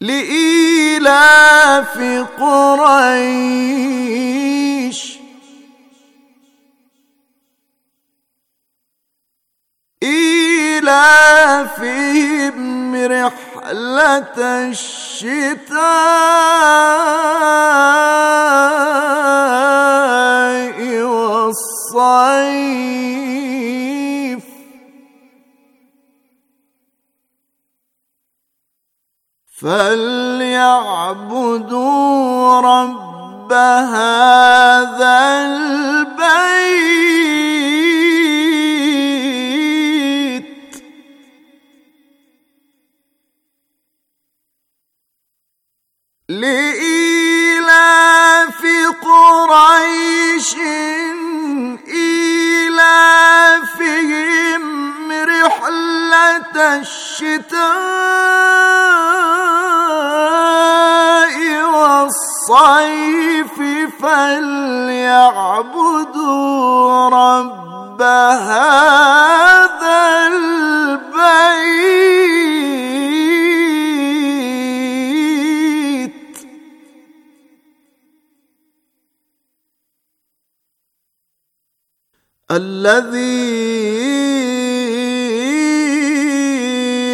لإيلاف قريش إيلافهم رحلة الشتاء والصيف فليعبدوا رب هذا البيت لإيلاف قريش إيلافهم رحلة الشتاء والصيف فليعبدوا رب هذا البيت الذي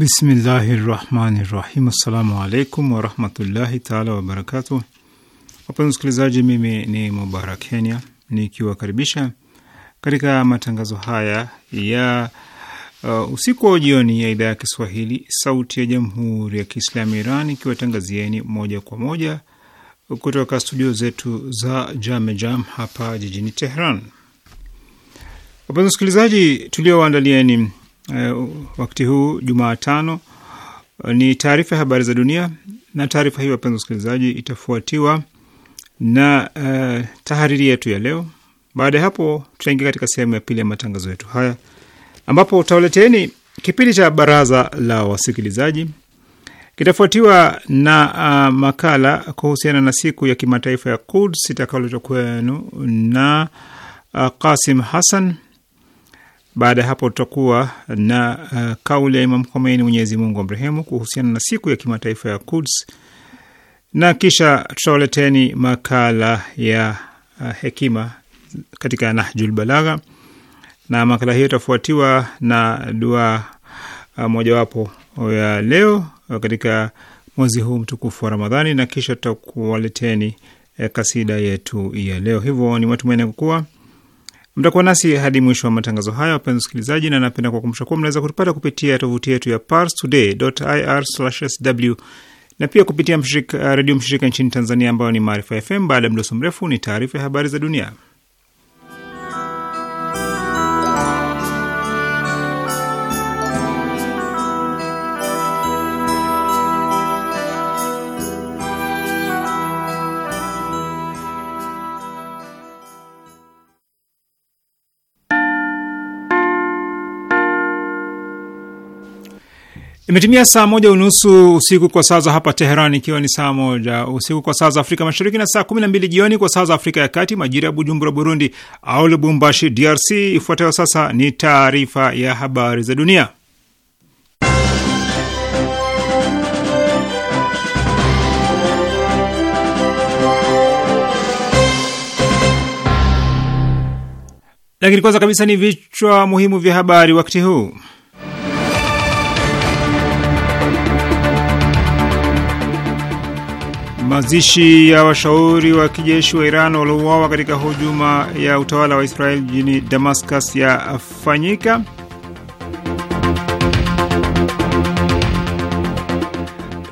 Bismillahi rahmani rahim. Assalamu alaikum warahmatullahi taala wabarakatu Wapenzi msikilizaji mimi ni Mubarak Kenya nikiwakaribisha katika matangazo haya ya uh, usiku wa jioni ya idhaa ya Kiswahili sauti ya jamhuri ya Kiislamu Iran ikiwatangazieni moja kwa moja kutoka studio zetu za Jamejam Jam hapa jijini Tehran. Wapenzi msikilizaji tuliowaandalieni eh, wakati huu Jumatano eh, ni taarifa ya habari za dunia, na taarifa hii, wapenzi wasikilizaji, itafuatiwa na uh, tahariri yetu ya leo. Baada ya hapo, tutaingia katika sehemu ya pili ya matangazo yetu haya ambapo utawaleteni kipindi cha baraza la wasikilizaji, kitafuatiwa na uh, makala kuhusiana na siku ya kimataifa ya Quds itakayoletwa kwenu na uh, Kasim Hassan baada ya hapo tutakuwa na uh, kauli ya Imam Khomeini, Mwenyezi Mungu amrehemu, kuhusiana na siku ya kimataifa ya Quds, na kisha tutawaleteni makala ya uh, hekima katika Nahjul Balagha, na makala hiyo itafuatiwa na dua uh, mojawapo ya leo uh, katika mwezi huu mtukufu wa Ramadhani, na kisha tutakuwaleteni uh, kasida yetu ya leo. Hivyo ni matumaini kuwa Mtakuwa nasi hadi mwisho wa matangazo haya, wapenzi wasikilizaji, na napenda kuwakumbusha kuwa mnaweza kutupata kupitia tovuti yetu ya parstoday.ir/sw na pia kupitia eh, redio mshirika nchini Tanzania ambayo ni Maarifa FM. Baada ya mdoso mrefu, ni taarifa ya habari za dunia Imetimia saa moja unusu usiku kwa saa za hapa Teheran, ikiwa ni saa moja usiku kwa saa za Afrika Mashariki na saa kumi na mbili jioni kwa saa za Afrika ya Kati, majira ya Bujumbura, Burundi au Lubumbashi, DRC. Ifuatayo sasa ni taarifa ya habari za dunia, lakini kwanza kabisa ni vichwa muhimu vya habari wakati huu. Mazishi ya washauri wa kijeshi wa Iran waliouawa katika hujuma ya utawala wa Israeli jijini Damascus yafanyika.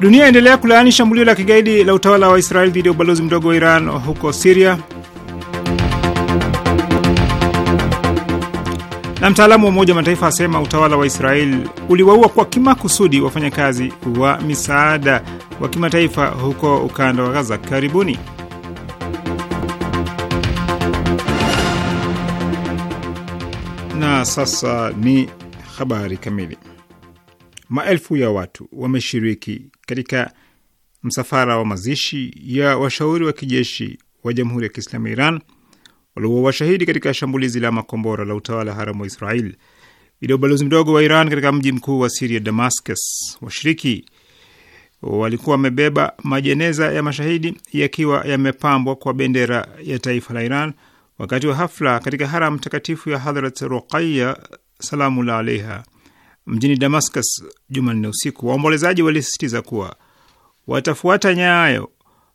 Dunia yaendelea kulaani shambulio la kigaidi la utawala wa Israeli dhidi ya ubalozi mdogo wa Iran huko Siria. Na mtaalamu wa Umoja wa Mataifa asema utawala wa Israel uliwaua kwa kimakusudi wafanyakazi wa misaada wa kimataifa huko ukanda wa Gaza. Karibuni. Na sasa ni habari kamili. Maelfu ya watu wameshiriki katika msafara wa mazishi ya washauri wa kijeshi wa Jamhuri ya Kiislamu ya Iran washahidi katika shambulizi la makombora la utawala haramu wa Israel dhidi ya ubalozi mdogo wa Iran katika mji mkuu wa Siria, Damascus. Washiriki walikuwa wamebeba majeneza ya mashahidi yakiwa yamepambwa kwa bendera ya taifa la Iran wakati wa hafla katika haram takatifu ya Hadhrat Ruqaya salamullah alaiha mjini Damascus Jumanne usiku. Waombolezaji walisisitiza kuwa watafuata nyayo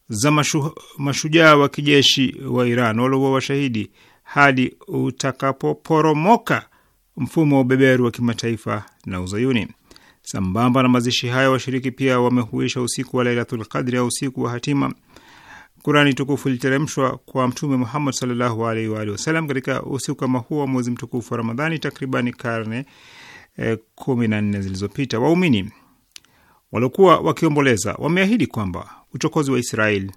za mashu, mashujaa wa kijeshi wa Iran walioua washahidi hadi utakapoporomoka mfumo wa ubeberu wa kimataifa na uzayuni. Sambamba na mazishi hayo, washiriki pia wamehuisha usiku wa Lailatul Qadri au usiku wa hatima. Kurani tukufu iliteremshwa kwa Mtume Muhammad sallallahu alaihi wa alihi wasallam katika usiku kama huo wa mwezi mtukufu wa Ramadhani, takribani karne eh, kumi na nne zilizopita. Waumini waliokuwa wakiomboleza wameahidi kwamba uchokozi wa Israeli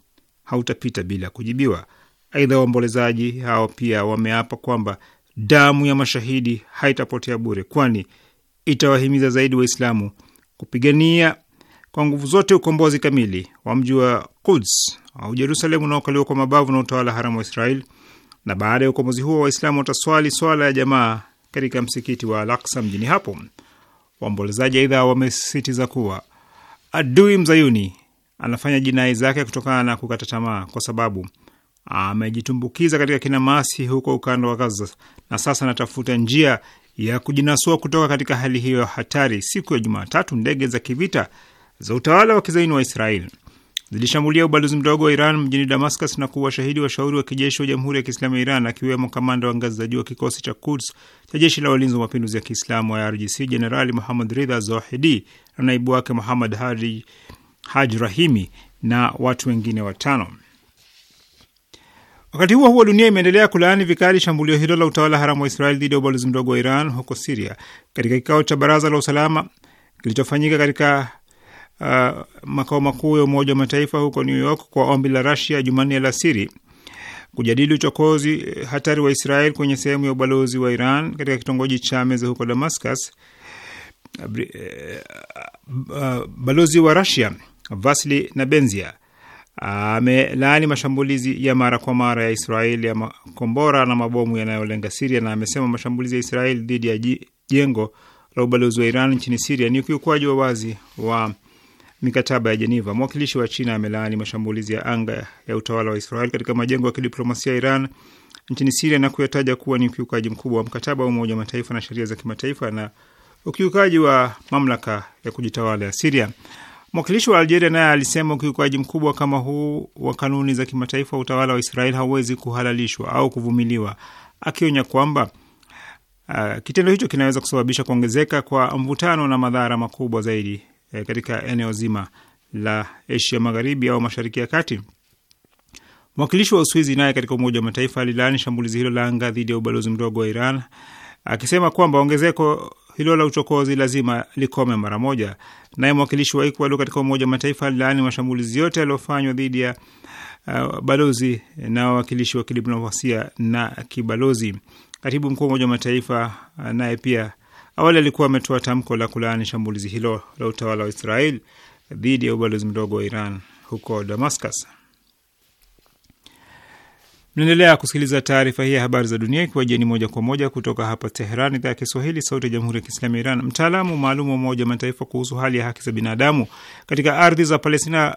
hautapita bila kujibiwa. Aidha, waombolezaji hao pia wameapa kwamba damu ya mashahidi haitapotea bure, kwani itawahimiza zaidi Waislamu kupigania kwa nguvu zote ukombozi kamili wa mji wa Quds au Jerusalemu unaokaliwa kwa mabavu na utawala haramu wa Israeli. Na baada ya ukombozi huo, Waislamu wataswali swala ya jamaa katika msikiti wa Al-Aqsa mjini hapo. Waombolezaji aidha wamesisitiza kuwa Adui mzayuni anafanya jinai zake kutokana na kukata tamaa, kwa sababu amejitumbukiza katika kinamasi huko ukanda wa Gaza, na sasa anatafuta njia ya kujinasua kutoka katika hali hiyo hatari. Siku ya Jumatatu, ndege za kivita za utawala wa kizaini wa Israeli zilishambulia ubalozi mdogo wa Iran mjini Damascus na shahidi washauri wa kijeshi wa Jamhuri ya Kiislamu ya Iran, akiwemo kamanda wa ngazi za juu wa kikosi cha Kuds cha jeshi la walinzi wa mapinduzi ya Kiislamu wa IRGC Jenerali Muhamad Ridha Zohidi na naibu wake Muhamad Hadi Haj Rahimi na watu wengine watano. Wakati huo huo, dunia imeendelea kulaani vikali shambulio hilo la utawala haramu wa Israeli dhidi ya ubalozi mdogo wa Iran huko Siria. Katika kikao cha baraza la usalama kilichofanyika katika uh, makao makuu ya Umoja wa Mataifa huko New York kwa ombi la Rasia Jumanne alasiri kujadili uchokozi eh, hatari wa Israel kwenye sehemu ya ubalozi wa Iran katika kitongoji cha Meza huko Damascus. Uh, eh, uh, uh, balozi wa Rasia Vasili Nabenzia amelaani mashambulizi ya mara kwa mara ya Israel ya makombora na mabomu yanayolenga Siria na amesema mashambulizi ya Israel dhidi ya jengo la ubalozi wa Iran nchini Siria ni ukiukwaji wa wazi wa mikataba ya Jeneva. Mwakilishi wa China amelaani mashambulizi ya anga ya utawala wa Israel katika majengo ya kidiplomasia ya Iran nchini Siria na kuyataja kuwa ni ukiukaji mkubwa wa mkataba wa Umoja wa Mataifa na sheria za kimataifa na ukiukaji wa mamlaka ya kujitawala ya Siria. Mwakilishi wa Algeria naye alisema ukiukaji mkubwa kama huu wa kanuni za kimataifa, utawala wa Israel hauwezi kuhalalishwa au kuvumiliwa, akionya kwamba uh, kitendo hicho kinaweza kusababisha kuongezeka kwa mvutano na madhara makubwa zaidi e, katika eneo zima la Asia Magharibi au Mashariki ya Kati. Mwakilishi wa Uswizi naye katika Umoja wa Mataifa alilaani shambulizi hilo la anga dhidi ya ubalozi mdogo wa Iran akisema kwamba ongezeko hilo la uchokozi lazima likome mara moja. Naye mwakilishi wa Ecuador katika Umoja wa Mataifa alilaani mashambulizi yote yaliyofanywa dhidi ya uh, balozi na wawakilishi wa kidiplomasia na kibalozi. Katibu mkuu wa Umoja wa Mataifa uh, naye pia Awali alikuwa ametoa tamko la kulaani shambulizi hilo la utawala wa Israel dhidi ya ubalozi mdogo wa Iran huko Damascus. Mnaendelea kusikiliza taarifa hii ya habari za dunia ikiwa jeni moja kwa moja kutoka hapa Teheran, idhaa ya Kiswahili, sauti ya jamhuri ya kiislamu ya Iran. Mtaalamu maalum wa Umoja wa Mataifa kuhusu hali ya haki za binadamu katika ardhi za Palestina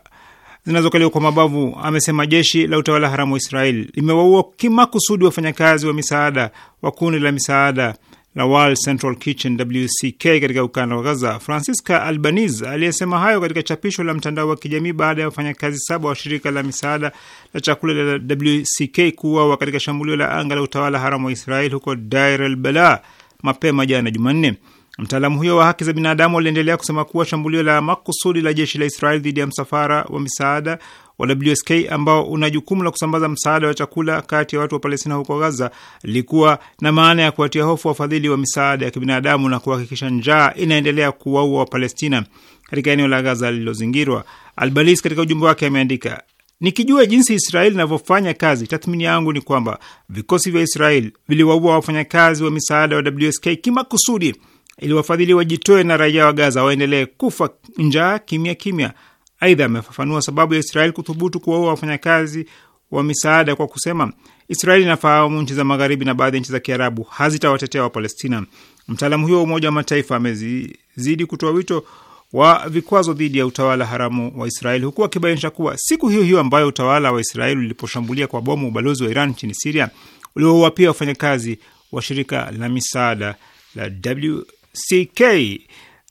zinazokaliwa kwa mabavu amesema jeshi la utawala haramu wa Israel limewaua kimakusudi wafanyakazi wa misaada wa kundi la misaada la World Central Kitchen WCK katika ukanda wa Gaza. Francisca Albanese aliyesema hayo katika chapisho la mtandao wa kijamii baada ya wafanyakazi saba wa shirika la misaada la chakula la WCK kuuawa katika shambulio la anga la utawala haramu wa Israel huko Deir el Bala mapema jana Jumanne. Mtaalamu huyo wa haki za binadamu aliendelea kusema kuwa shambulio la makusudi la jeshi la Israel dhidi ya msafara wa misaada wa WSK ambao una jukumu la kusambaza msaada wa chakula kati ya watu wa Palestina huko Gaza likuwa na maana ya kuwatia hofu wafadhili wa misaada ya kibinadamu na kuhakikisha njaa inaendelea kuwaua Wapalestina katika eneo la Gaza lililozingirwa. Albalis katika ujumbe wake ameandika Nikijua jinsi Israeli inavyofanya kazi, tathmini yangu ni kwamba vikosi vya Israeli viliwaua wafanyakazi wa misaada wa WSK kimakusudi ili wafadhili wajitoe na raia wa Gaza waendelee kufa njaa kimya kimya. Aidha, amefafanua sababu ya Israeli kuthubutu kuwaua wafanyakazi wa misaada kwa kusema Israeli inafahamu nchi za magharibi na baadhi ya nchi za Kiarabu hazitawatetea Wapalestina. Mtaalamu huyo wa Umoja wa Mataifa amezidi kutoa wito wa vikwazo dhidi ya utawala haramu wa Israeli huku akibainisha kuwa siku hiyo hiyo ambayo utawala wa Israeli uliposhambulia kwa bomu ubalozi wa Iran nchini Siria uliowaua pia wafanyakazi wa shirika la misaada la WCK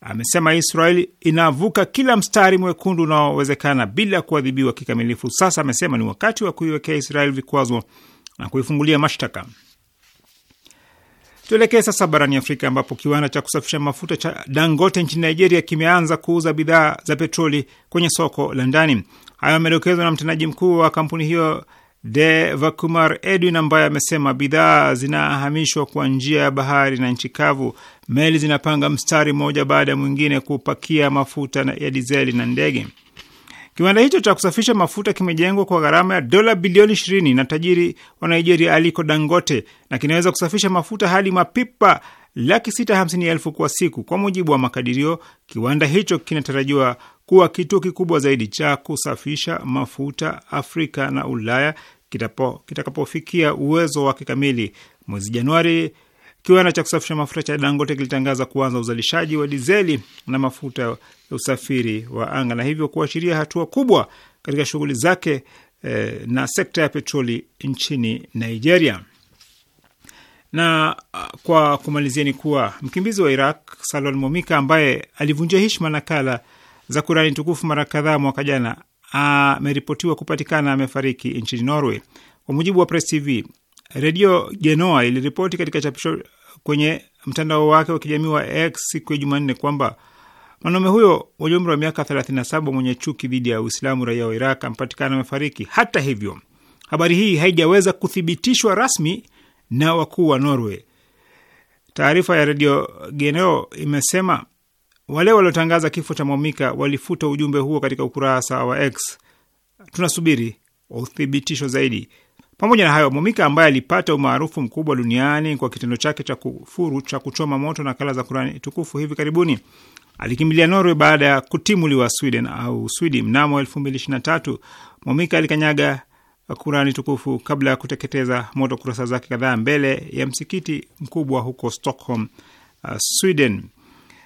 amesema Israeli inavuka kila mstari mwekundu unaowezekana bila kuadhibiwa kikamilifu. Sasa amesema ni wakati wa kuiwekea Israeli vikwazo na kuifungulia mashtaka. Tuelekee sasa barani Afrika ambapo kiwanda cha kusafisha mafuta cha Dangote nchini Nigeria kimeanza kuuza bidhaa za petroli kwenye soko la ndani. Hayo amedokezwa na mtendaji mkuu wa kampuni hiyo de Vakumar Edwin ambaye amesema bidhaa zinahamishwa kwa njia ya bahari na nchi kavu. Meli zinapanga mstari mmoja baada ya mwingine kupakia mafuta ya dizeli na ndege. Kiwanda hicho cha kusafisha mafuta kimejengwa kwa gharama ya dola bilioni ishirini na tajiri wa Nigeria Aliko Dangote na kinaweza kusafisha mafuta hadi mapipa laki sita hamsini elfu kwa siku. Kwa mujibu wa makadirio, kiwanda hicho kinatarajiwa kuwa kituo kikubwa zaidi cha kusafisha mafuta Afrika na Ulaya kitakapofikia uwezo wake kamili. Mwezi Januari, kiwanda cha kusafisha mafuta cha Dangote kilitangaza kuanza uzalishaji wa dizeli na mafuta ya usafiri wa anga na hivyo kuashiria hatua kubwa katika shughuli zake eh, na sekta ya petroli nchini Nigeria. Na ah, kwa kumalizia ni kuwa mkimbizi wa Iraq Salwan Momika ambaye alivunjia heshima nakala za Kurani tukufu mara kadhaa mwaka jana, ameripotiwa kupatikana amefariki nchini Norway. Kwa mujibu wa Press TV, redio Genoa iliripoti katika chapisho kwenye mtandao wake wa kijamii wa X siku ya Jumanne kwamba mwanaume huyo mwenye umri wa miaka 37 mwenye chuki dhidi ya Uislamu, raia wa Iraq amepatikana amefariki. Hata hivyo, habari hii haijaweza kuthibitishwa rasmi na wakuu wa Norway. Taarifa ya redio Genoa imesema wale waliotangaza kifo cha Mwamika walifuta ujumbe huo katika ukurasa wa X. Tunasubiri uthibitisho zaidi. Pamoja na hayo, Mwamika ambaye alipata umaarufu mkubwa duniani kwa kitendo chake cha kufuru cha kuchoma moto nakala za Kurani tukufu hivi karibuni alikimbilia Norway baada ya kutimuliwa Sweden au Swidi mnamo 2023. Mwamika alikanyaga Kurani tukufu kabla ya kuteketeza moto kurasa zake kadhaa mbele ya msikiti mkubwa huko Stockholm, uh, Sweden.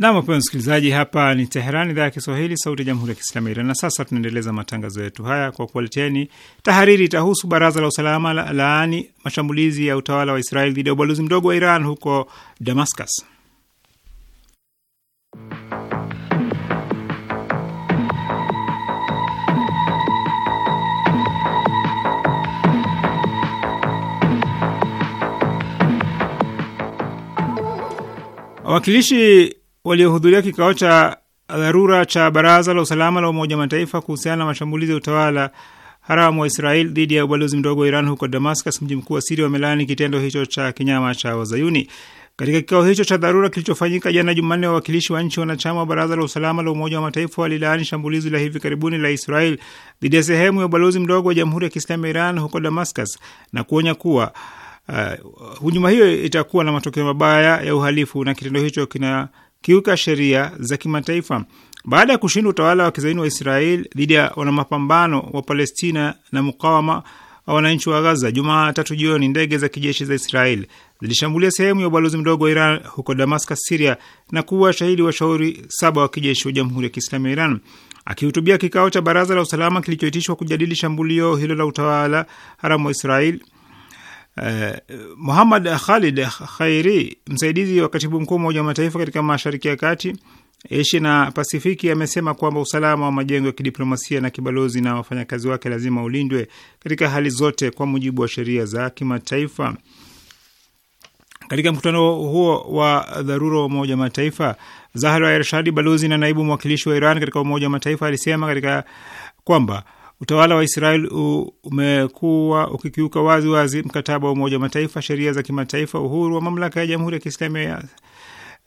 Nam, wapenzi msikilizaji, hapa ni Teheran, idhaa ya Kiswahili, sauti ya jamhuri ya kiislamu ya Iran. Na sasa tunaendeleza matangazo yetu haya kwa kuwaleteni tahariri. Itahusu baraza la usalama la laani mashambulizi ya utawala wa Israeli dhidi ya ubalozi mdogo wa Iran huko Damascus. Wawakilishi waliohudhuria kikao cha dharura cha Baraza la Usalama la Umoja Mataifa kuhusiana na mashambulizi ya utawala haramu wa Israel dhidi ya ubalozi mdogo wa Iran huko Damascus, mji mkuu wa Siria, wamelaani kitendo hicho cha kinyama cha Wazayuni. Katika kikao hicho cha dharura kilichofanyika jana Jumanne, wawakilishi wa nchi wanachama wa Baraza la Usalama la Umoja wa Mataifa walilaani shambulizi la hivi karibuni la Israel dhidi ya sehemu ya ubalozi mdogo wa Jamhuri ya Kiislamu ya Iran huko Damascus na kuonya kuwa uh, hujuma hiyo itakuwa na matokeo mabaya ya uhalifu na kitendo hicho kina kukiuka sheria za kimataifa. Baada ya kushindwa utawala wa kizaini wa Israel dhidi ya wanamapambano wa Palestina na mukawama wa wananchi wa Gaza, Jumatatu jioni ndege za kijeshi za Israel zilishambulia sehemu ya ubalozi mdogo wa Iran huko Damascus, Siria, na kuwa shahidi washauri saba wa kijeshi wa Jamhuri ya Kiislamu ya Iran. Akihutubia kikao cha baraza la usalama kilichoitishwa kujadili shambulio hilo la utawala haramu wa Israel, muhamad eh, Muhammad Khalid Khairi, msaidizi wa katibu mkuu Umoja wa Mataifa katika Mashariki ya Kati, Asia na Pasifiki, amesema kwamba usalama wa majengo ya kidiplomasia na kibalozi na wafanyakazi wake lazima ulindwe katika hali zote kwa mujibu wa sheria za kimataifa. Katika mkutano huo wa dharura wa Umoja wa Mataifa, Zahra Ershadi, balozi na naibu mwakilishi wa Iran katika Umoja wa Mataifa, alisema katika kwamba Utawala wa Israel umekuwa ukikiuka wazi wazi mkataba wa Umoja wa Mataifa, sheria za kimataifa, uhuru wa mamlaka ya Jamhuri ya Kiislamu ya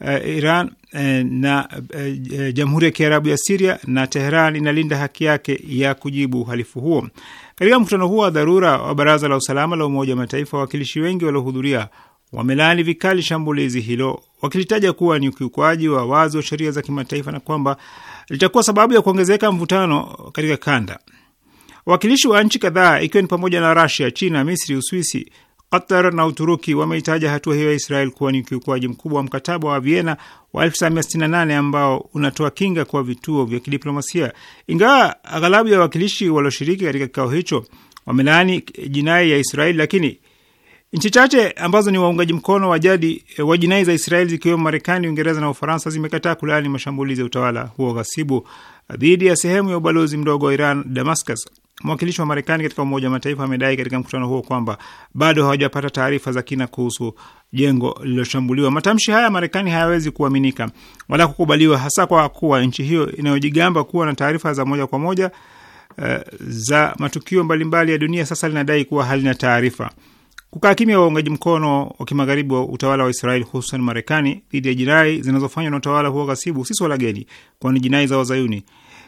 uh, Iran uh, na uh, Jamhuri ya Kiarabu ya Siria, na Teheran inalinda haki yake ya kujibu uhalifu huo. Katika mkutano huo wa dharura wa Baraza la Usalama la Umoja wa Mataifa, wawakilishi wengi waliohudhuria wamelaani vikali shambulizi hilo wakilitaja kuwa ni ukiukwaji wa wazi wa sheria za kimataifa na kwamba litakuwa sababu ya kuongezeka mvutano katika kanda. Wawakilishi wa nchi kadhaa ikiwa ni pamoja na Rasia, China, Misri, Uswisi, Qatar na Uturuki wameitaja hatua hiyo ya Israel kuwa ni ukiukwaji mkubwa wa mkataba wa Vienna wa 1968 ambao unatoa kinga kwa vituo vya kidiplomasia. Ingawa aghalabu ya wawakilishi walioshiriki katika kikao hicho wamelaani jinai ya Israel, lakini nchi chache ambazo ni waungaji mkono wa jadi eh, wa jinai za Israel zikiwemo Marekani, Uingereza na Ufaransa zimekataa kulaani mashambulizi ya utawala huo ghasibu eh, dhidi ya sehemu ya ubalozi mdogo wa Iran Damascus. Mwakilishi wa Marekani katika Umoja wa Mataifa amedai katika mkutano huo kwamba bado hawajapata taarifa za kina kuhusu jengo lililoshambuliwa. Matamshi haya ya Marekani hayawezi kuaminika wala kukubaliwa, hasa kwa kuwa nchi hiyo inayojigamba kuwa na taarifa za moja kwa moja uh, za matukio mbalimbali ya dunia sasa linadai kuwa halina taarifa. Kukaa kimya waungaji mkono wa kimagharibi wa utawala wa Israeli hususan Marekani dhidi ya jinai zinazofanywa na utawala huo ghasibu si swala geni, kwani jinai za wazayuni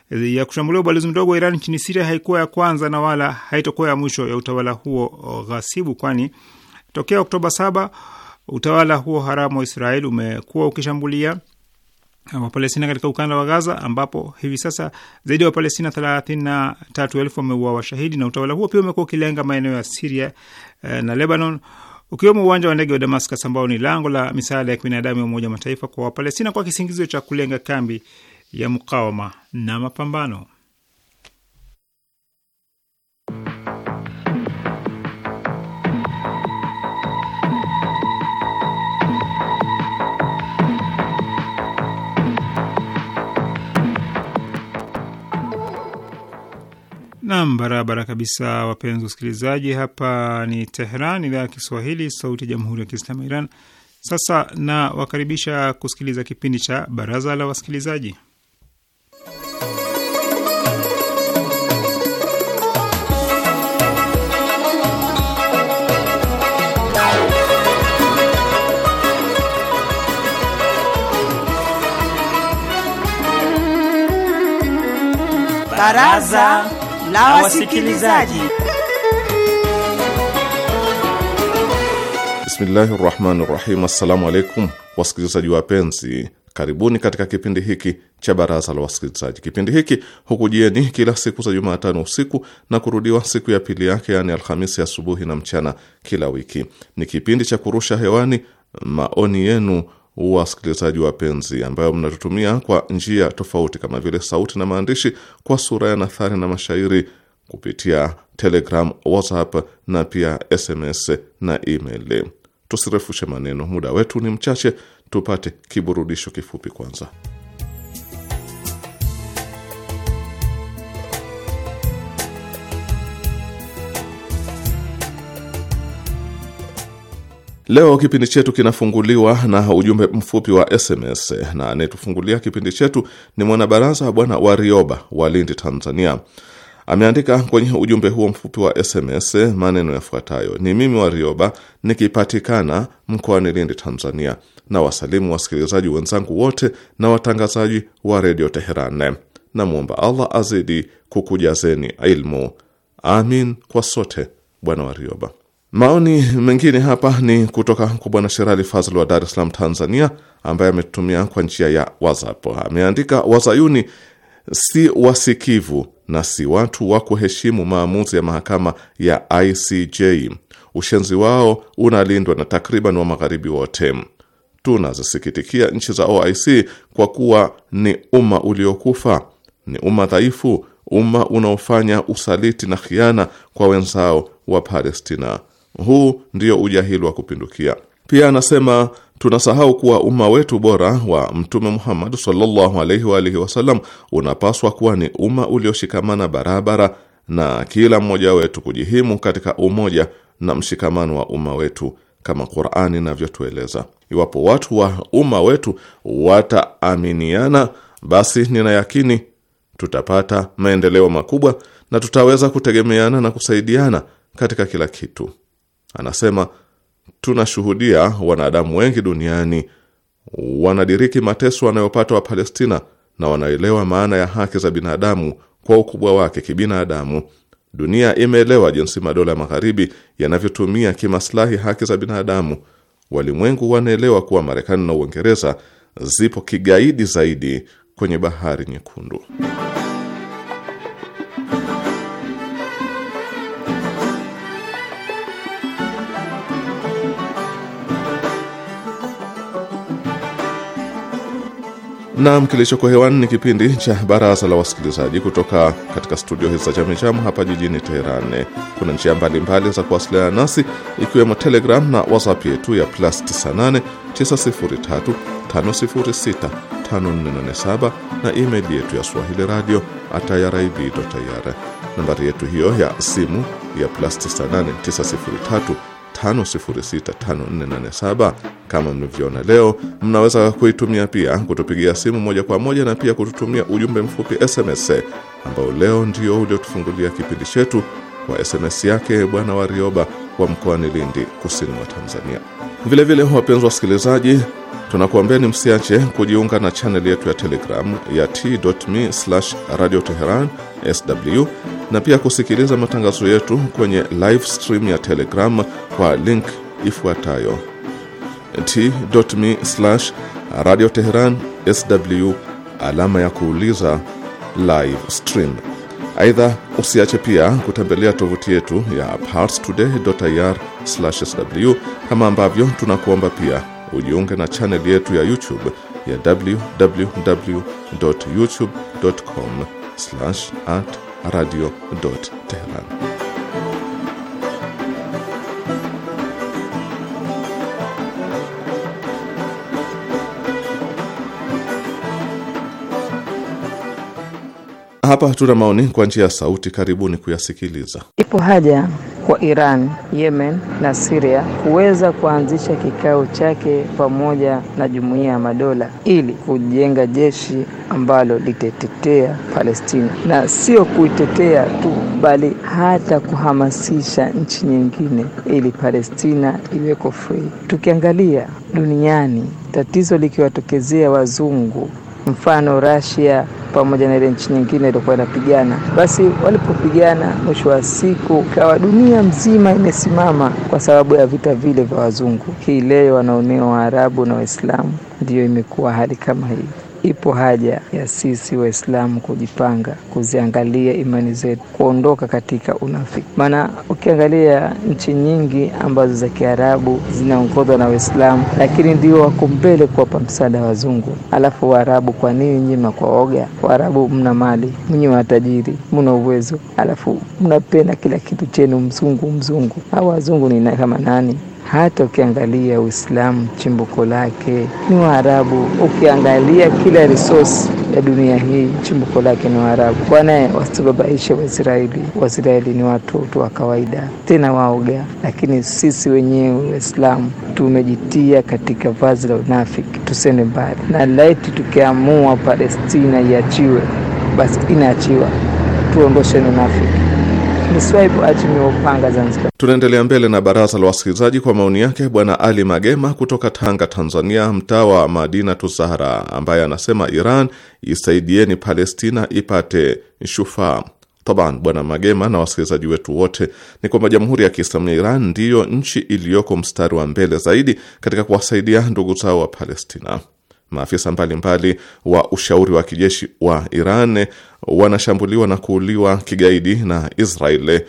ya kushambulia ubalozi mdogo wa Iran nchini Siria haikuwa ya kwanza na wala haitokuwa ya mwisho ya utawala huo ghasibu, kwani tokea Oktoba saba utawala huo haramu wa Israeli umekuwa ukishambulia Wapalestina katika ukanda wa Gaza ambapo hivi sasa zaidi ya Wapalestina thelathini na tatu elfu wameuawa washahidi, na utawala huo pia umekuwa ukilenga maeneo ya Siria eh, na Lebanon, ukiwemo uwanja wa ndege wa Damascus ambao ni lango la misaada ya kibinadamu ya Umoja wa Mataifa kwa Wapalestina kwa kisingizio cha kulenga kambi ya mukawama na mapambano. Nam, barabara kabisa, wapenzi wasikilizaji. Hapa ni Tehran, idhaa ya Kiswahili, sauti ya jamhuri ya kiislamu ya Iran. Sasa nawakaribisha kusikiliza kipindi cha baraza la wasikilizaji. Baraza la Wasikilizaji. Bismillahi rahmani rahim. Assalamu alaikum wasikilizaji wapenzi, karibuni katika kipindi hiki cha baraza la wasikilizaji. Kipindi hiki hukujieni kila siku za Jumatano usiku na kurudiwa siku ya pili yake, yaani Alhamisi asubuhi ya na mchana kila wiki. Ni kipindi cha kurusha hewani maoni yenu wasikilizaji wapenzi, ambayo mnatutumia kwa njia tofauti kama vile sauti na maandishi, kwa sura ya nathari na mashairi kupitia Telegram, WhatsApp na pia SMS na email. Tusirefushe maneno, muda wetu ni mchache, tupate kiburudisho kifupi kwanza. Leo kipindi chetu kinafunguliwa na ujumbe mfupi wa SMS na anayetufungulia kipindi chetu ni mwanabaraza Bwana Warioba wa Lindi, Tanzania. Ameandika kwenye ujumbe huo mfupi wa SMS maneno yafuatayo: ni mimi Warioba nikipatikana mkoani Lindi, Tanzania, na wasalimu wasikilizaji wenzangu wote na watangazaji wa redio Teheran. Namwomba Allah azidi kukujazeni ilmu, amin kwa sote. Bwana Warioba. Maoni mengine hapa ni kutoka kwa bwana Sherali Fazl wa Dar es Salaam, Tanzania, ambaye ametumia kwa njia ya WhatsApp. Ameandika, wazayuni si wasikivu na si watu wa kuheshimu maamuzi ya mahakama ya ICJ. Ushenzi wao unalindwa na takriban wa magharibi wote. Tunazisikitikia nchi za OIC kwa kuwa ni umma uliokufa, ni umma dhaifu, umma unaofanya usaliti na khiana kwa wenzao wa Palestina. Huu ndio ujahili wa kupindukia. Pia anasema tunasahau kuwa umma wetu bora wa Mtume Muhammad sallallahu alaihi wa alihi wasallam unapaswa kuwa ni umma ulioshikamana barabara, na kila mmoja wetu kujihimu katika umoja na mshikamano wa umma wetu kama Qur'ani inavyotueleza. Iwapo watu wa umma wetu wataaminiana, basi nina yakini tutapata maendeleo makubwa na tutaweza kutegemeana na kusaidiana katika kila kitu. Anasema tunashuhudia wanadamu wengi duniani wanadiriki mateso wanayopata Wapalestina na wanaelewa maana ya haki za binadamu kwa ukubwa wake kibinadamu. Dunia imeelewa jinsi madola ya magharibi yanavyotumia kimaslahi haki za binadamu. Walimwengu wanaelewa kuwa Marekani na Uingereza zipo kigaidi zaidi kwenye bahari nyekundu. Nam, kilichoko hewani ni kipindi cha baraza la wasikilizaji kutoka katika studio hizi za Jamijamu hapa jijini Teheran. Kuna njia mbalimbali za kuwasiliana nasi, ikiwemo Telegram na WhatsApp yetu ya plus 98 9035065487 na email yetu ya swahili radio irib.ir. Nambari yetu hiyo ya simu ya plus 98 5065487. Kama mlivyoona leo, mnaweza kuitumia pia kutupigia simu moja kwa moja na pia kututumia ujumbe mfupi SMS ambao leo ndio uliotufungulia kipindi chetu kwa SMS yake bwana Warioba wa mkoani Lindi, kusini mwa Tanzania. Vile vile, wapenzi wasikilizaji, tunakuambeni msiache kujiunga na chaneli yetu ya Telegram ya t.me radio Teheran sw na pia kusikiliza matangazo yetu kwenye live stream ya Telegram kwa link ifuatayo t.me radio Teheran sw alama ya kuuliza live stream. Aidha, usiache pia kutembelea tovuti yetu ya parstoday.ir sw, kama ambavyo tunakuomba pia ujiunge na chaneli yetu ya YouTube ya www youtube com radio Teheran. Hapa tuna maoni kwa njia ya sauti, karibuni kuyasikiliza. Ipo haja kwa Iran, Yemen na Syria kuweza kuanzisha kikao chake pamoja na Jumuiya ya Madola ili kujenga jeshi ambalo litatetea Palestina na sio kuitetea tu, bali hata kuhamasisha nchi nyingine ili Palestina iweko free. Tukiangalia duniani, tatizo likiwatokezea wazungu mfano Russia pamoja na ile nchi nyingine ilikuwa inapigana. Basi walipopigana, mwisho wa siku kawa dunia mzima imesimama kwa sababu ya vita vile vya wazungu. Hii leo wa Waarabu na Waislamu, ndiyo imekuwa hali kama hii. Ipo haja ya sisi Waislamu kujipanga, kuziangalia imani zetu, kuondoka katika unafiki. Maana ukiangalia nchi nyingi ambazo za Kiarabu zinaongozwa na Waislamu, lakini ndio wako mbele kuwapa msaada wazungu. Alafu Waarabu, kwa nini nyinyi mnakuwaoga Waarabu? Mna mali mwenye, watajiri, mna uwezo, alafu mnapenda kila kitu chenu mzungu, mzungu. Hawa wazungu ni kama nani? Hata ukiangalia Uislamu chimbuko lake ni Waarabu. Ukiangalia kila resource ya dunia hii chimbuko lake ni Waarabu. Bwana wasibabaishe Waisraeli. Waisraeli ni watoto wa kawaida, tena waoga, lakini sisi wenyewe Waislamu tumejitia katika vazi la unafiki. Tusende mbali na laiti, tukiamua Palestina iachiwe, basi inaachiwa, tuondoshe unafiki ni swaibu Zanzibar. Tunaendelea mbele na baraza la wasikilizaji kwa maoni yake Bwana Ali Magema kutoka Tanga, Tanzania, mtaa wa Madina Tusahara, ambaye anasema Iran isaidieni Palestina ipate shufaa. Taban, Bwana Magema na wasikilizaji wetu wote, ni kwamba Jamhuri ya Kiislamu ya Iran ndiyo nchi iliyoko mstari wa mbele zaidi katika kuwasaidia ndugu zao wa Palestina. Maafisa mbalimbali wa ushauri wa kijeshi wa Iran wanashambuliwa na kuuliwa kigaidi na Israel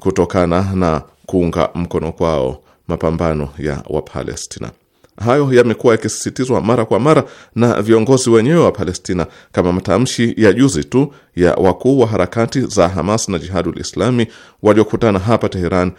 kutokana na kuunga mkono kwao mapambano ya Wapalestina. Hayo yamekuwa yakisisitizwa mara kwa mara na viongozi wenyewe wa Palestina, kama matamshi ya juzi tu ya wakuu wa harakati za Hamas na Jihadul Islami waliokutana hapa Teheran,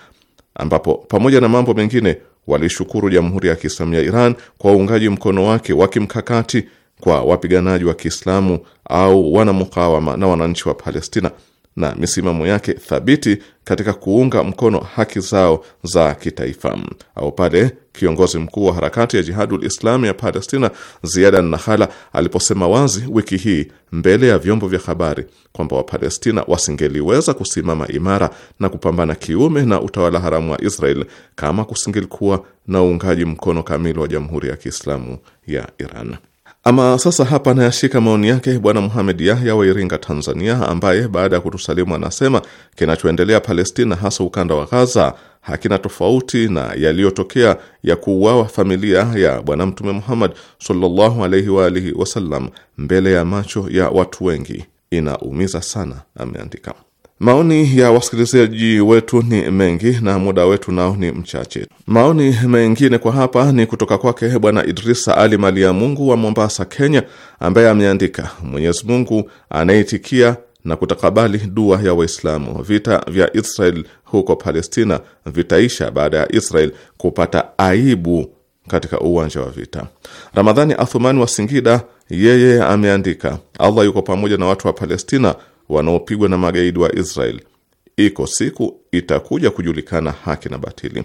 ambapo pamoja na mambo mengine walishukuru Jamhuri ya Kiislamu ya Iran kwa uungaji mkono wake wa kimkakati kwa wapiganaji wa Kiislamu au wanamukawama na wananchi wa Palestina na misimamo yake thabiti katika kuunga mkono haki zao za kitaifa, au pale kiongozi mkuu wa harakati ya Jihadul Islami ya Palestina Ziada Nahala aliposema wazi wiki hii mbele ya vyombo vya habari kwamba Wapalestina wasingeliweza kusimama imara na kupambana kiume na utawala haramu wa Israel kama kusingelikuwa na uungaji mkono kamili wa Jamhuri ya Kiislamu ya Iran. Ama sasa hapa anayashika maoni yake Bwana Muhamed Yahya wa Iringa, Tanzania, ambaye baada ya kutusalimu anasema kinachoendelea Palestina, hasa ukanda wa Ghaza, hakina tofauti na yaliyotokea ya kuuawa familia ya Bwana Mtume Muhammad sallallahu alaihi wa alihi wasallam mbele ya macho ya watu wengi. Inaumiza sana, ameandika. Maoni ya wasikilizaji wetu ni mengi na muda wetu nao ni mchache. Maoni mengine kwa hapa ni kutoka kwake Bwana Idrisa Ali mali ya Mungu wa Mombasa, Kenya, ambaye ameandika: Mwenyezi Mungu na kutakabali dua ya Waislamu. Vita vya Israel huko Palestina vitaisha baada ya Israel kupata aibu katika uwanja wa vita. Ramadhani Athumani wa Singida yeye ameandika: Allah yuko pamoja na watu wa Palestina wanaopigwa na magaidi wa Israel, iko siku itakuja kujulikana haki na batili.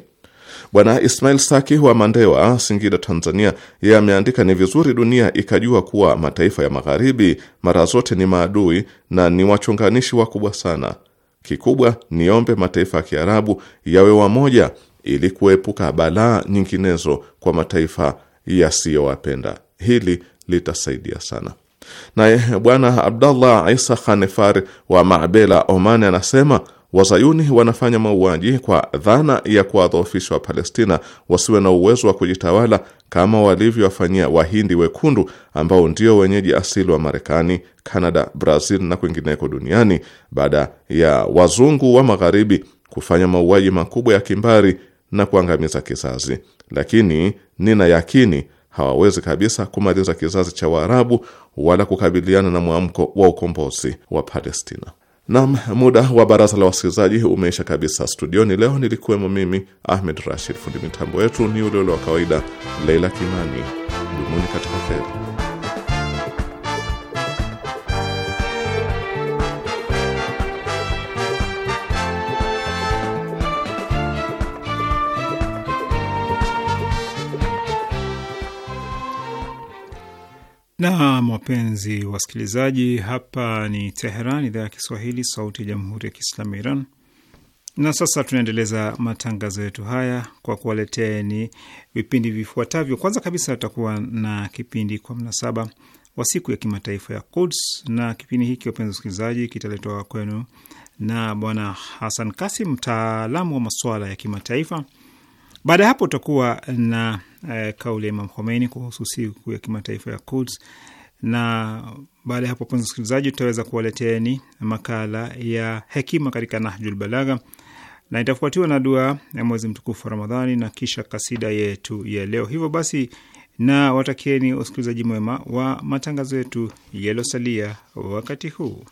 Bwana Ismail Saki wa Mandewa, Singida, Tanzania, yeye ameandika ni vizuri dunia ikajua kuwa mataifa ya magharibi mara zote ni maadui na ni wachonganishi wakubwa sana. Kikubwa niombe mataifa ya Kiarabu yawe wamoja ili kuepuka balaa nyinginezo kwa mataifa yasiyowapenda. Hili litasaidia sana. Naye bwana Abdallah Isa Khanefar wa Mabela, omani anasema Wazayuni wanafanya mauaji kwa dhana ya kuwadhoofisha wa palestina wasiwe na uwezo wa kujitawala kama walivyowafanyia Wahindi wekundu ambao ndio wenyeji asili wa Marekani, Kanada, Brazil na kwingineko duniani baada ya wazungu wa magharibi kufanya mauaji makubwa ya kimbari na kuangamiza kizazi. Lakini nina yakini hawawezi kabisa kumaliza kizazi cha Waarabu wala kukabiliana na mwamko wa ukombozi wa Palestina. Nam, muda wa baraza la wasikilizaji umeisha kabisa. Studioni leo nilikuwemo mimi Ahmed Rashid, fundi mitambo yetu ni ule ule wa kawaida, Leila Kimani. Dumuni katika heri. Na wapenzi wasikilizaji, hapa ni Teheran, idhaa ya Kiswahili, sauti ya jamhuri ya kiislamu ya Iran. Na sasa tunaendeleza matangazo yetu haya kwa kuwaleteni vipindi vifuatavyo. Kwanza kabisa, tutakuwa na kipindi kwa mnasaba wa siku ya kimataifa ya Quds, na kipindi hiki, wapenzi wasikilizaji, kitaletwa kwenu na Bwana Hasan Kasim, mtaalamu wa masuala ya kimataifa. Baada ya hapo, tutakuwa na eh, kauli ya Imam Khomeini kuhusu siku ya kimataifa ya Quds. Na baada ya hapo, wapenzi wasikilizaji, tutaweza kuwaleteni makala ya hekima katika Nahjul Balagha na itafuatiwa na dua ya mwezi mtukufu wa Ramadhani na kisha kasida yetu ya leo. Hivyo basi, na watakieni usikilizaji mwema wa matangazo yetu yaliyosalia wakati huu.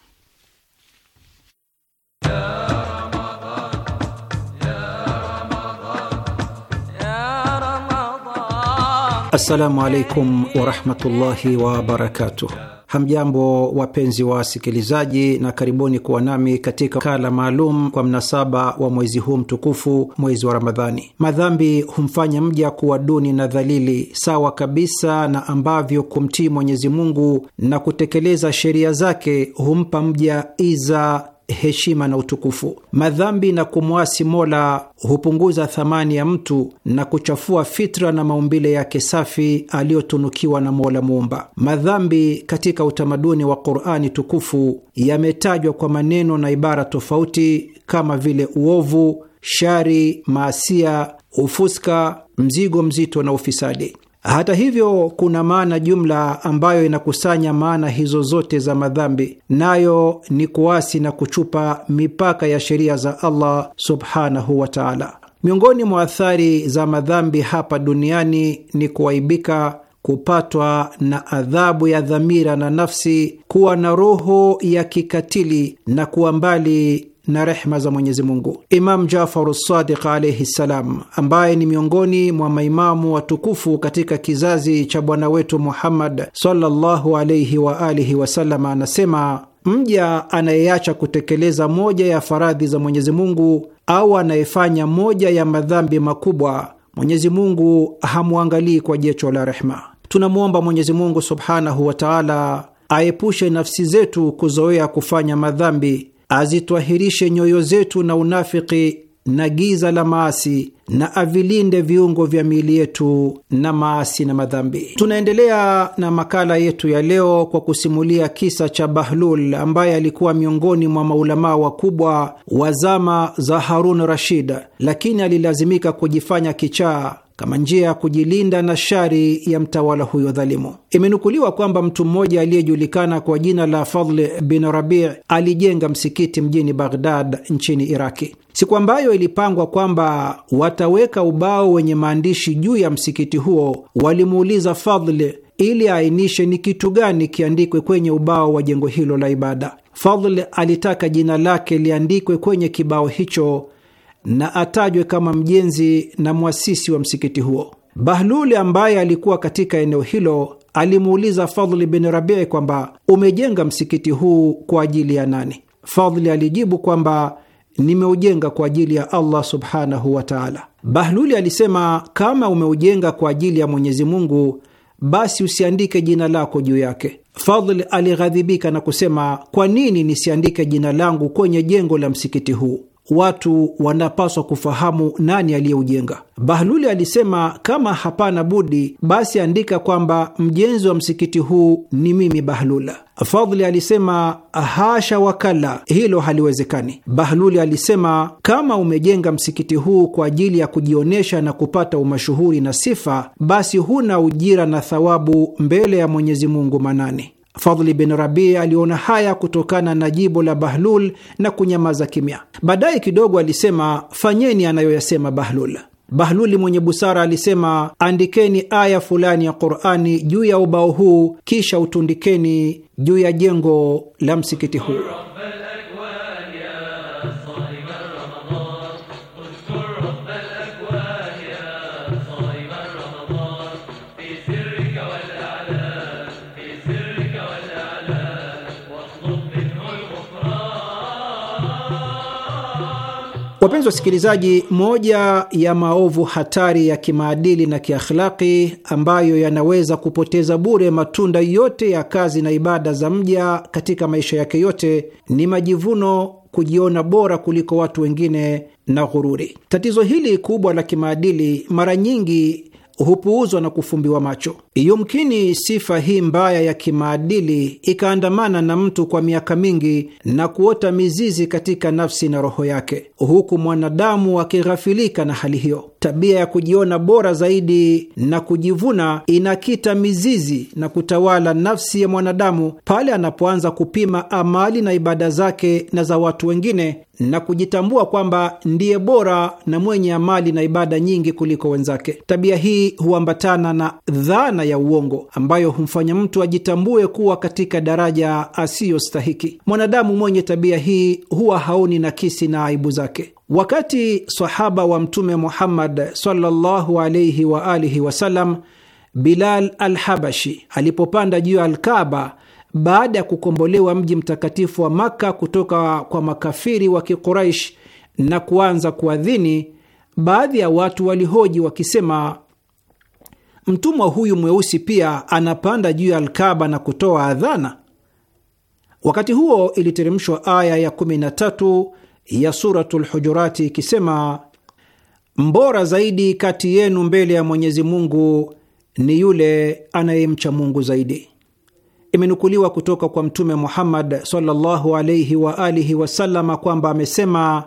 Assalamu alaikum warahmatullahi wabarakatuh. Hamjambo wapenzi wa wasikilizaji, na karibuni kuwa nami katika kala maalum kwa mnasaba wa mwezi huu mtukufu, mwezi wa Ramadhani. Madhambi humfanya mja kuwa duni na dhalili, sawa kabisa na ambavyo kumtii Mwenyezi Mungu na kutekeleza sheria zake humpa mja iza heshima na utukufu. Madhambi na kumwasi Mola hupunguza thamani ya mtu na kuchafua fitra na maumbile yake safi aliyotunukiwa na Mola Muumba. Madhambi katika utamaduni wa Qurani tukufu yametajwa kwa maneno na ibara tofauti kama vile uovu, shari, maasia, ufuska, mzigo mzito na ufisadi. Hata hivyo, kuna maana jumla ambayo inakusanya maana hizo zote za madhambi, nayo ni kuasi na kuchupa mipaka ya sheria za Allah subhanahu wa taala. Miongoni mwa athari za madhambi hapa duniani ni kuaibika, kupatwa na adhabu ya dhamira na nafsi, kuwa na roho ya kikatili na kuwa mbali na rehma za Mwenyezi Mungu. Imam Jafar Sadiq alaihi ssalam, ambaye ni miongoni mwa maimamu watukufu katika kizazi cha bwana wetu Muhammad sallallahu alaihi wa alihi wasallam, anasema mja anayeacha kutekeleza moja ya faradhi za Mwenyezi Mungu au anayefanya moja ya madhambi makubwa, Mwenyezi Mungu hamwangalii kwa jicho la rehma. Tunamwomba Mwenyezi Mungu subhanahu wa taala aepushe nafsi zetu kuzoea kufanya madhambi azitwahirishe nyoyo zetu na unafiki na giza la maasi na avilinde viungo vya miili yetu na maasi na madhambi. Tunaendelea na makala yetu ya leo kwa kusimulia kisa cha Bahlul ambaye alikuwa miongoni mwa maulamaa wakubwa wa zama za Harun Rashid, lakini alilazimika kujifanya kichaa kama njia ya kujilinda na shari ya mtawala huyo dhalimu. Imenukuliwa kwamba mtu mmoja aliyejulikana kwa jina la Fadl bin Rabi alijenga msikiti mjini Baghdad nchini Iraki. Siku ambayo ilipangwa kwamba wataweka ubao wenye maandishi juu ya msikiti huo, walimuuliza Fadl ili aainishe ni kitu gani kiandikwe kwenye ubao wa jengo hilo la ibada. Fadl alitaka jina lake liandikwe kwenye kibao hicho na atajwe kama mjenzi na mwasisi wa msikiti huo. Bahluli ambaye alikuwa katika eneo hilo alimuuliza Fadhli bin Rabii kwamba umejenga msikiti huu kwa ajili ya nani? Fadhli alijibu kwamba nimeujenga kwa ajili ya Allah subhanahu wa taala. Bahluli alisema, kama umeujenga kwa ajili ya Mwenyezi Mungu, basi usiandike jina lako juu yake. fadl alighadhibika na kusema, kwa nini nisiandike jina langu kwenye jengo la msikiti huu? watu wanapaswa kufahamu nani aliyeujenga. Bahluli alisema, kama hapana budi, basi andika kwamba mjenzi wa msikiti huu ni mimi Bahlula. Fadhli alisema, hasha wakala, hilo haliwezekani. Bahluli alisema, kama umejenga msikiti huu kwa ajili ya kujionyesha na kupata umashuhuri na sifa, basi huna ujira na thawabu mbele ya Mwenyezi Mungu Manane. Fadhli bin Rabi aliona haya kutokana na jibo la Bahlul na kunyamaza kimya. Baadaye kidogo alisema, fanyeni anayoyasema Bahlul. Bahluli mwenye busara alisema, andikeni aya fulani ya Qurani juu ya ubao huu, kisha utundikeni juu ya jengo la msikiti huu. Wapenzi wasikilizaji, moja ya maovu hatari ya kimaadili na kiakhlaki ambayo yanaweza kupoteza bure matunda yote ya kazi na ibada za mja katika maisha yake yote ni majivuno, kujiona bora kuliko watu wengine na ghururi. Tatizo hili kubwa la kimaadili mara nyingi hupuuzwa na kufumbiwa macho. Yumkini sifa hii mbaya ya kimaadili ikaandamana na mtu kwa miaka mingi na kuota mizizi katika nafsi na roho yake, huku mwanadamu akighafilika na hali hiyo. Tabia ya kujiona bora zaidi na kujivuna inakita mizizi na kutawala nafsi ya mwanadamu pale anapoanza kupima amali na ibada zake na za watu wengine na kujitambua kwamba ndiye bora na mwenye amali na ibada nyingi kuliko wenzake. Tabia hii huambatana na dhana sana ya uongo ambayo humfanya mtu ajitambue kuwa katika daraja asiyostahiki. Mwanadamu mwenye tabia hii huwa haoni nakisi na aibu zake. Wakati sahaba wa Mtume Muhammad sallallahu alaihi wa alihi wasallam Bilal Alhabashi alipopanda juu ya Alkaba baada ya kukombolewa mji mtakatifu wa Makka kutoka kwa makafiri wa Kiquraish na kuanza kuadhini, baadhi ya watu walihoji wakisema Mtumwa huyu mweusi pia anapanda juu ya Alkaba na kutoa adhana. Wakati huo iliteremshwa aya ya 13 ya suratu lhujurati ikisema, mbora zaidi kati yenu mbele ya Mwenyezi Mungu ni yule anayemcha Mungu zaidi. Imenukuliwa kutoka kwa Mtume Muhammad sallallahu alaihi wa alihi kwamba amesema,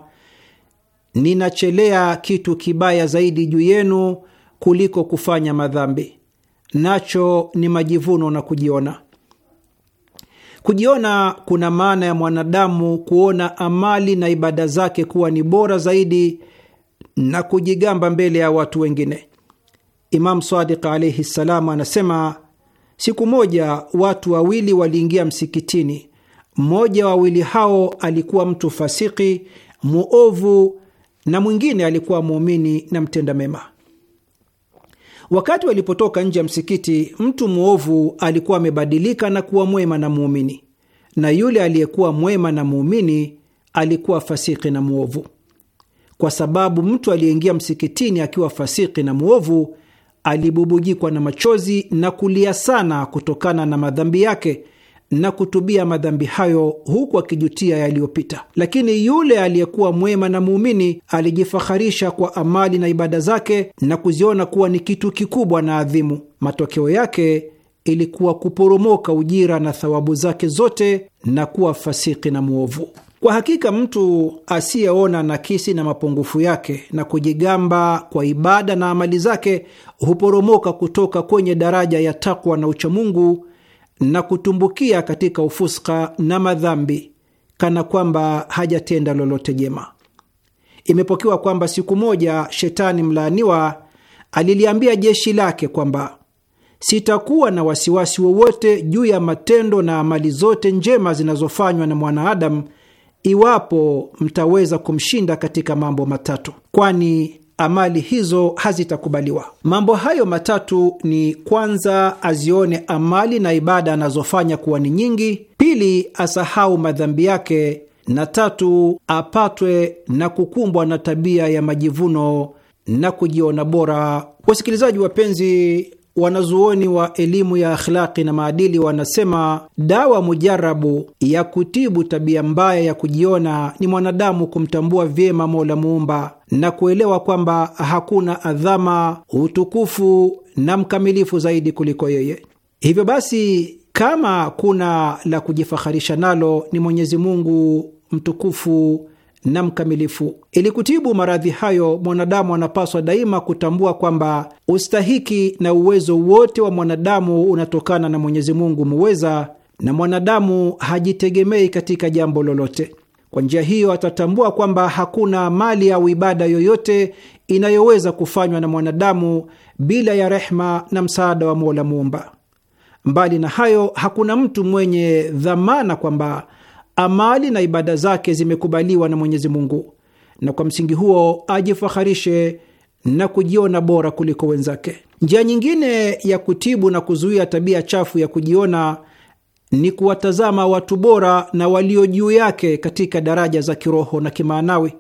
ninachelea kitu kibaya zaidi juu yenu kuliko kufanya madhambi, nacho ni majivuno na kujiona. Kujiona kuna maana ya mwanadamu kuona amali na ibada zake kuwa ni bora zaidi na kujigamba mbele ya watu wengine. Imamu Sadiq alaihi ssalam anasema, siku moja watu wawili waliingia msikitini. Mmoja wa wawili hao alikuwa mtu fasiki muovu, na mwingine alikuwa muumini na mtenda mema. Wakati walipotoka nje ya msikiti, mtu mwovu alikuwa amebadilika na kuwa mwema na muumini, na yule aliyekuwa mwema na muumini alikuwa fasiki na mwovu, kwa sababu mtu aliyeingia msikitini akiwa fasiki na mwovu alibubujikwa na machozi na kulia sana kutokana na madhambi yake na kutubia madhambi hayo huku akijutia yaliyopita. Lakini yule aliyekuwa mwema na muumini alijifaharisha kwa amali na ibada zake na kuziona kuwa ni kitu kikubwa na adhimu. Matokeo yake ilikuwa kuporomoka ujira na thawabu zake zote na kuwa fasiki na mwovu. Kwa hakika mtu asiyeona nakisi na mapungufu yake na kujigamba kwa ibada na amali zake huporomoka kutoka kwenye daraja ya takwa na uchamungu na kutumbukia katika ufuska na madhambi, kana kwamba hajatenda lolote jema. Imepokewa kwamba siku moja shetani mlaaniwa aliliambia jeshi lake kwamba sitakuwa na wasiwasi wowote juu ya matendo na amali zote njema zinazofanywa na mwanaadamu iwapo mtaweza kumshinda katika mambo matatu, kwani amali hizo hazitakubaliwa. Mambo hayo matatu ni kwanza, azione amali na ibada anazofanya kuwa ni nyingi; pili, asahau madhambi yake; na tatu, apatwe na kukumbwa na tabia ya majivuno na kujiona bora. Wasikilizaji wapenzi, wanazuoni wa elimu ya akhlaki na maadili wanasema dawa mujarabu ya kutibu tabia mbaya ya kujiona ni mwanadamu kumtambua vyema Mola muumba na kuelewa kwamba hakuna adhama, utukufu na mkamilifu zaidi kuliko yeye. Hivyo basi, kama kuna la kujifaharisha nalo ni Mwenyezi Mungu mtukufu na mkamilifu. Ili kutibu maradhi hayo, mwanadamu anapaswa daima kutambua kwamba ustahiki na uwezo wote wa mwanadamu unatokana na Mwenyezi Mungu muweza, na mwanadamu hajitegemei katika jambo lolote. Kwa njia hiyo, atatambua kwamba hakuna mali au ibada yoyote inayoweza kufanywa na mwanadamu bila ya rehma na msaada wa Mola Muumba. Mbali na hayo, hakuna mtu mwenye dhamana kwamba amali na ibada zake zimekubaliwa na Mwenyezi Mungu, na kwa msingi huo ajifaharishe na kujiona bora kuliko wenzake. Njia nyingine ya kutibu na kuzuia tabia chafu ya kujiona ni kuwatazama watu bora na walio juu yake katika daraja za kiroho na kimaanawi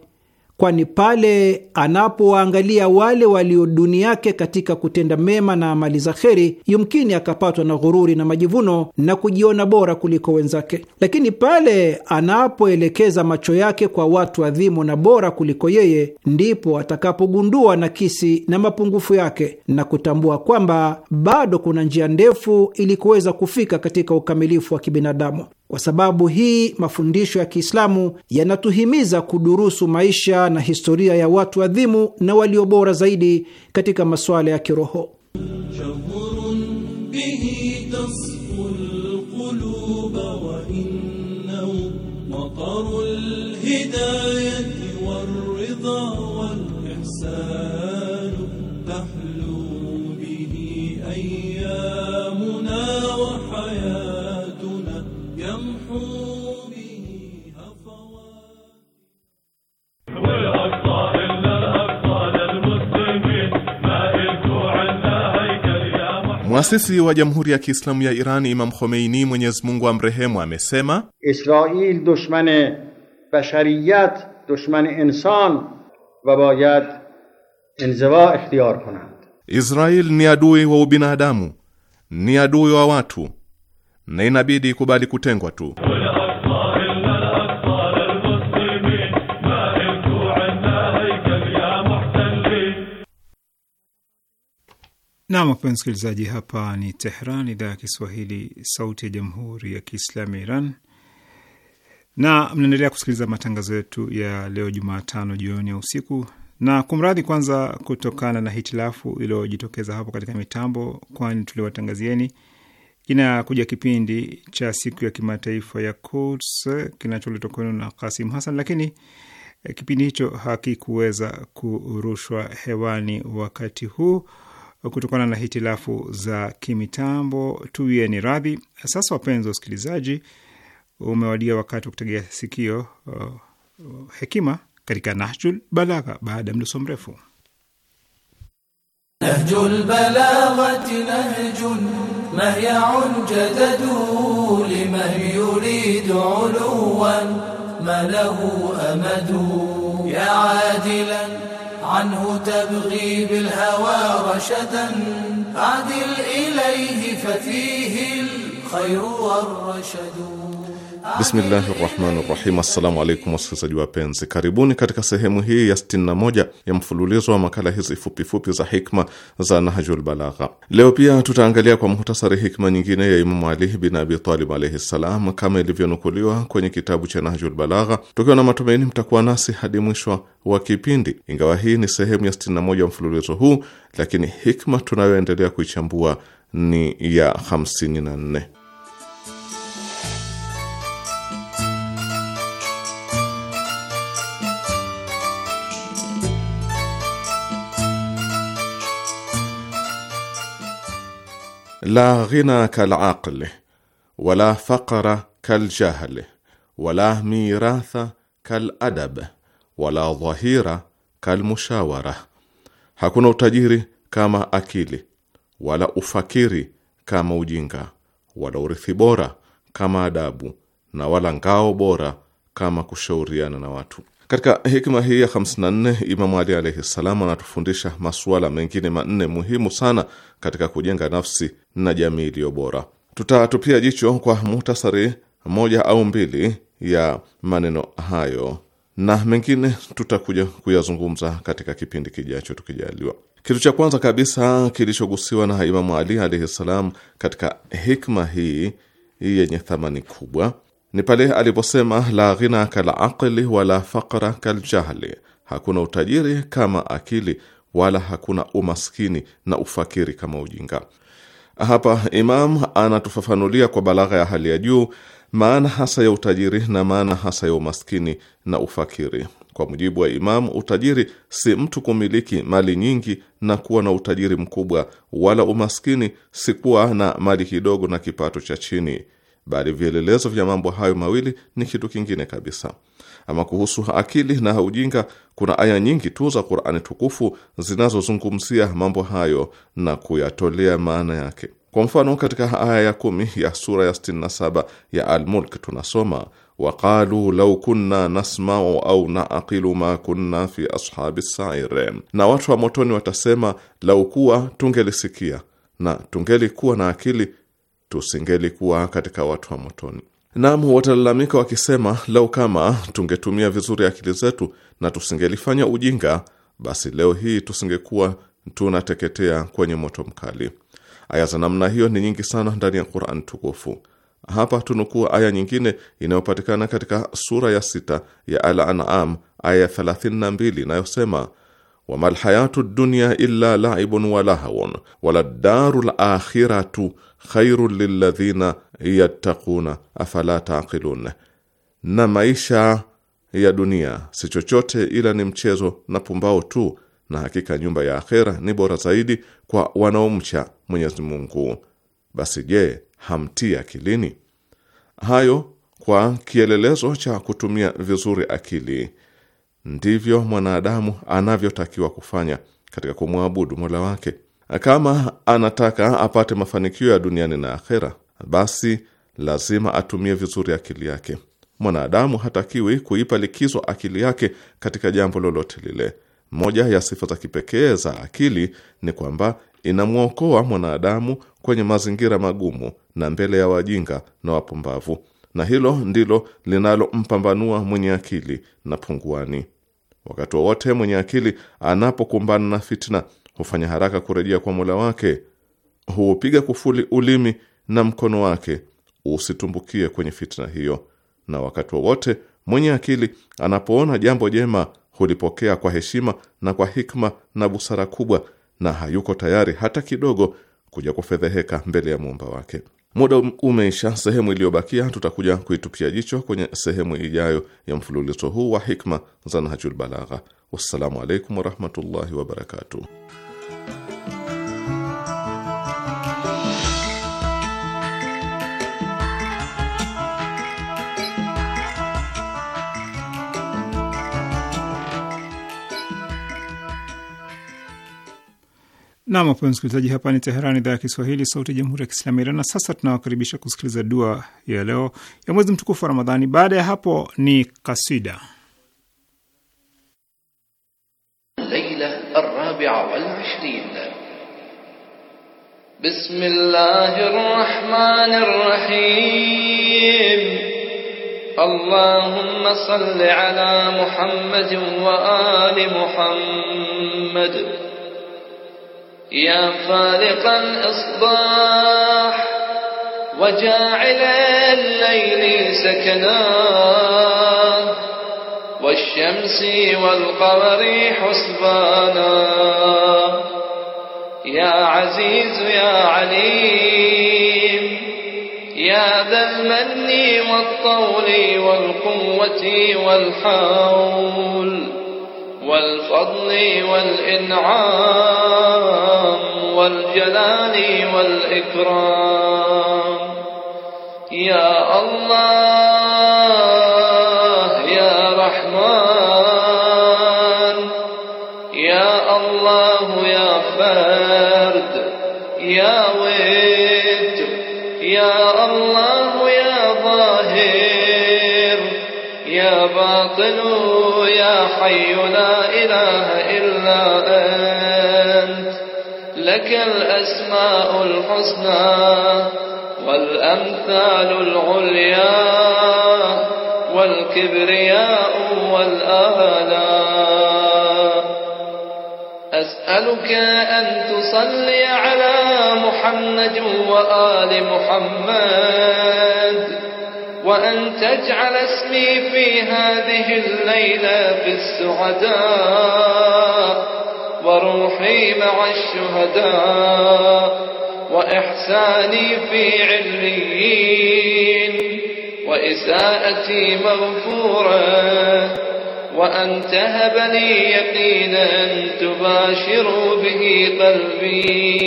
kwani pale anapowaangalia wale walio duni yake katika kutenda mema na amali za kheri, yumkini akapatwa na ghururi na majivuno na kujiona bora kuliko wenzake. Lakini pale anapoelekeza macho yake kwa watu adhimu na bora kuliko yeye, ndipo atakapogundua nakisi na mapungufu yake na kutambua kwamba bado kuna njia ndefu ili kuweza kufika katika ukamilifu wa kibinadamu. Kwa sababu hii, mafundisho ya Kiislamu yanatuhimiza kudurusu maisha na historia ya watu adhimu na walio bora zaidi katika masuala ya kiroho. Mwasisi wa Jamhuri ya Kiislamu ya Iran Imam Khomeini, Mwenyezi Mungu amrehemu, amesema Israil dushman bashariyat dushman insan wa bayad inziwa ikhtiyar kunand, Israil ni adui wa ubinadamu, ni adui wa watu na inabidi kubali kutengwa tu. Nam, wapenzi msikilizaji, hapa ni Tehran, idhaa ya Kiswahili, sauti ya jamhuri ya kiislamu ya Iran, na mnaendelea kusikiliza matangazo yetu ya leo Jumatano jioni ya usiku. Na kumradhi kwanza kutokana na hitilafu iliyojitokeza hapo katika mitambo, kwani tuliwatangazieni kinakuja kipindi cha siku ya kimataifa ya Quds kinacholetwa kwenu na Kasim Hassan, lakini eh, kipindi hicho hakikuweza kurushwa hewani wakati huu kutokana na hitilafu za kimitambo. Tuweni radhi. Sasa wapenzi wa usikilizaji, umewadia wakati wa kutegea sikio uh, hekima katika Nahjul Balagha baada ya mdoso mrefu. Nahjul Balaghati nahjun mahyaun jadadu liman yuridu uluwan ma lahu amadu ya adilan عنه تبغي بالهوى رشدا عدل إليه ففيه الخير والرشد Bismillahi rahmani rahim. Assalamu alaikum wasikilizaji wapenzi, karibuni katika sehemu hii ya 61 ya mfululizo wa makala hizi fupifupi za hikma za Nahjul Balagha. Leo pia tutaangalia kwa muhtasari hikma nyingine ya Imamu Ali bin Abi Talib alaihi ssalam, kama ilivyonukuliwa kwenye kitabu cha Nahjul Balagha, tukiwa na matumaini mtakuwa nasi hadi mwisho wa kipindi. Ingawa hii ni sehemu ya 61 ya mfululizo huu, lakini hikma tunayoendelea kuichambua ni ya 54. la ghina kalaqli wala faqra kaljahli wala miratha kaladab wala dhahira kalmushawara, hakuna utajiri kama akili wala ufakiri kama ujinga wala urithi bora kama adabu na wala ngao bora kama kushauriana na watu. Katika hikma hii ya 54 Imamu Ali alaihi ssalam anatufundisha masuala mengine manne muhimu sana katika kujenga nafsi na jamii iliyo bora. Tutatupia jicho kwa muhtasari moja au mbili ya maneno hayo na mengine tutakuja kuyazungumza katika kipindi kijacho tukijaliwa. Kitu cha kwanza kabisa kilichogusiwa na Imamu Ali alaihi ssalam katika hikma hii yenye thamani kubwa ni pale aliposema, la ghina kal aqli wala faqra kal jahli, hakuna utajiri kama akili wala hakuna umaskini na ufakiri kama ujinga. Hapa Imam anatufafanulia kwa balagha ya hali ya juu maana hasa ya utajiri na maana hasa ya umaskini na ufakiri. Kwa mujibu wa Imam, utajiri si mtu kumiliki mali nyingi na kuwa na utajiri mkubwa, wala umaskini si kuwa na mali kidogo na kipato cha chini bali vielelezo vya mambo hayo mawili ni kitu kingine kabisa. Ama kuhusu akili na ujinga, kuna aya nyingi tu za Qur'ani tukufu zinazozungumzia mambo hayo na kuyatolea maana yake. Kwa mfano, katika aya ya kumi ya sura ya 67 ya almulk tunasoma waqalu lau kunna nasmau au naaqilu ma kunna fi ashabi sair, na watu wa motoni watasema lau kuwa tungelisikia na tungelikuwa na akili kuwa katika watu wa motoni. Naam, watalalamika wakisema, lau kama tungetumia vizuri akili zetu na tusingelifanya ujinga, basi leo hii tusingekuwa tunateketea kwenye moto mkali. Aya za namna hiyo ni nyingi sana ndani ya Qur'an tukufu. Hapa tunukuu aya nyingine inayopatikana katika sura ya sita ya Al-An'am aya ya 32 inayosema wamal hayatu dunya illa laibun wa lahawun waladaru lakhiratu khairu lilladhina yattaquna afala taqilun, na maisha ya dunia si chochote ila ni mchezo na pumbao tu, na hakika nyumba ya akhera ni bora zaidi kwa wanaomcha Mwenyezi Mungu. Basi je, hamtii akilini? Hayo kwa kielelezo cha kutumia vizuri akili ndivyo mwanadamu anavyotakiwa kufanya katika kumwabudu Mola wake. Kama anataka apate mafanikio ya duniani na akhera, basi lazima atumie vizuri akili yake. Mwanadamu hatakiwi kuipa likizo akili yake katika jambo lolote lile. Moja ya sifa za kipekee za akili ni kwamba inamwokoa mwanadamu kwenye mazingira magumu na mbele ya wajinga na wapumbavu, na hilo ndilo linalompambanua mwenye akili na punguani. Wakati wowote mwenye akili anapokumbana na fitna hufanya haraka kurejea kwa Mola wake, huupiga kufuli ulimi na mkono wake usitumbukie kwenye fitna hiyo. Na wakati wowote mwenye akili anapoona jambo jema hulipokea kwa heshima na kwa hikma na busara kubwa, na hayuko tayari hata kidogo kuja kufedheheka mbele ya muumba wake. Muda umeisha. Sehemu iliyobakia tutakuja kuitupia jicho kwenye sehemu ijayo ya mfululizo huu wa hikma za Nahjul Balagha. Wassalamu alaikum warahmatullahi wabarakatuh. Nam wapenzi msikilizaji, hapa ni Teherani, idhaa ya Kiswahili, sauti ya jamhuri ya kiislamu Iran. Na sasa tunawakaribisha kusikiliza dua ya leo ya mwezi mtukufu wa Ramadhani. Baada ya hapo ni kasida Leila arabia wal ishrin. Bismillahi rahmani rahim. Allahumma salli ala Muhammadin wa ali Muhammad يا خالق الإصباح وجاعل الليل سكنا والشمس والقمر حسبانا يا عزيز يا عليم يا ذا المن والطول والقوة والحول والفضل والإنعام والجلال والإكرام يا الله يا باطل يا حي لا إله إلا أنت لك الأسماء الحسنى والأمثال العليا والكبرياء والآلاء أسألك أن تصلي على محمد وآل محمد وأن تجعل اسمي في هذه الليلة في السعداء وروحي مع الشهداء وإحساني في عليين وإساءتي مغفورة وأن تهب لي يقينا تباشر به قلبي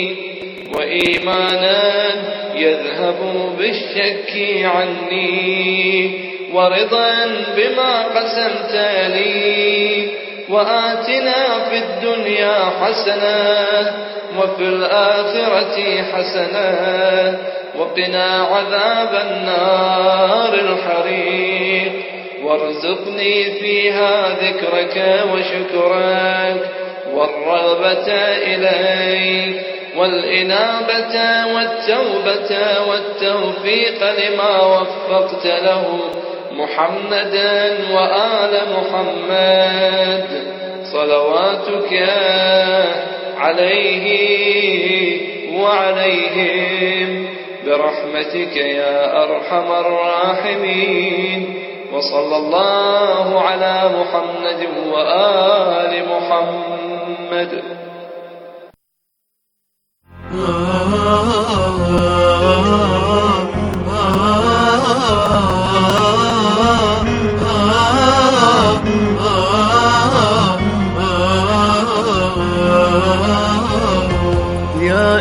وإيمانا يذهب بالشك عني ورضا بما قسمت لي وآتنا في الدنيا حسنة وفي الآخرة حسنة وقنا عذاب النار الحريق وارزقني فيها ذكرك وشكرك والرغبة إليك والإنابة والتوبة والتوفيق لما وفقت له محمدا وآل محمد صلواتك عليه وعليهم برحمتك يا أرحم الراحمين وصلى الله على محمد وآل محمد يا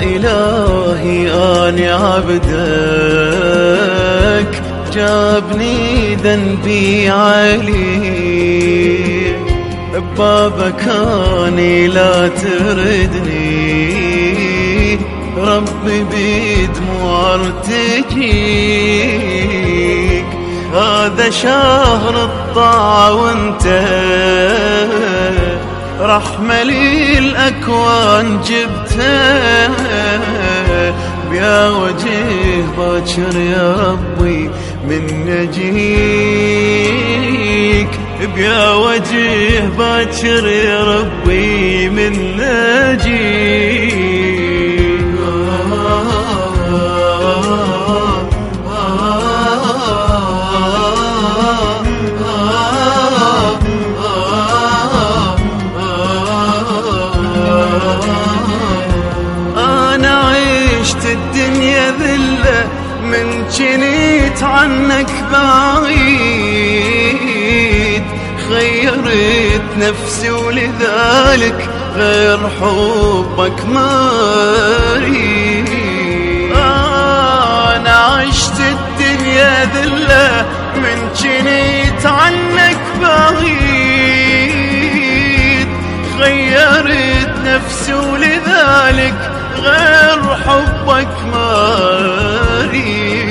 إلهي أنا عبدك جابني ذنبي عليك ببابك أنا لا تردني ربي بدموع ارتجيك هذا شهر الطاعة وانت رحمة للأكوان جبته بيا وجه باكر يا ربي من نجيك بيا وجه باكر يا ربي من نجيك كانت الدنيا ذلة من جنيت عنك بعيد خيرت نفسي ولذلك غير حبك ما أريد أنا عشت الدنيا ذلة من جنيت عنك بعيد خيرت نفسي ولذلك غير حبك حظك ماري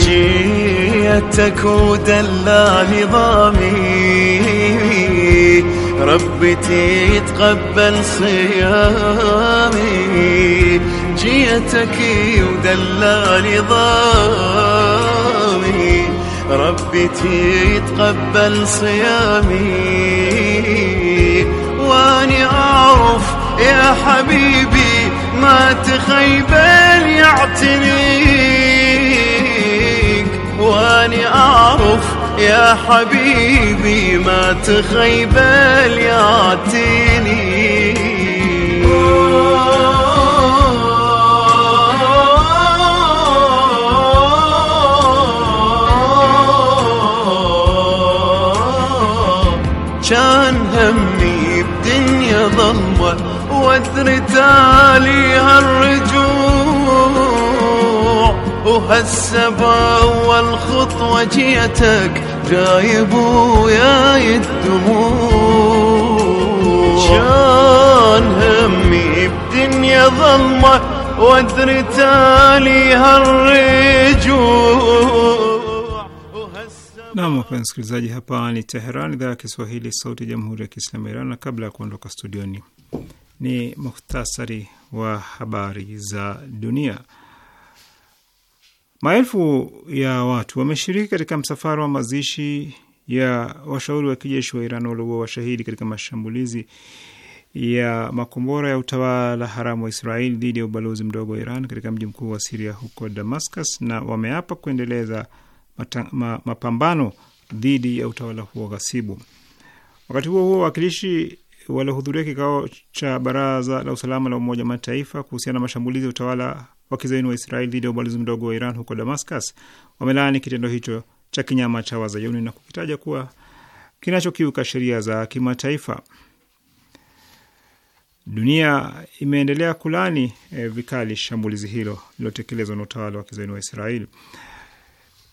جيتك ودلى نظامي ربتي تقبل صيامي جيتك ودلى نظامي ربتي تقبل صيامي واني اعرف يا حبيبي ثغرات يعتنيك واني اعرف يا حبيبي ما تخيبان يعتنيك وثر تاليها الرجوع وهالسبا والخطوة جيتك جايب وياي الدموع كان همي بدنيا ظلمة وثر تاليها الرجوع Nam, wapenzi msikilizaji, hapa ni Teheran, idhaa ya Kiswahili, sauti ya jamhuri ya kiislamu ya Iran. Na kabla ya kuondoka studioni, ni muhtasari wa habari za dunia. Maelfu ya watu wameshiriki katika msafara wa mazishi ya washauri wa kijeshi wa Iran walioua washahidi katika mashambulizi ya makombora ya utawala haramu wa Israeli dhidi ya ubalozi mdogo wa Iran katika mji mkuu wa Siria huko Damascus, na wameapa kuendeleza ma, mapambano dhidi ya utawala huo ghasibu. Wakati huo huo, wawakilishi waliohudhuria kikao cha baraza la usalama la Umoja Mataifa kuhusiana na mashambulizi ya utawala wa kizayuni wa Israeli dhidi ya ubalozi mdogo wa Iran huko Damascus wamelaani kitendo hicho cha kinyama cha wazayuni na kukitaja kuwa kinachokiuka sheria za kimataifa. Dunia imeendelea kulani e, eh, vikali shambulizi hilo lilotekelezwa na utawala wa kizayuni wa Israeli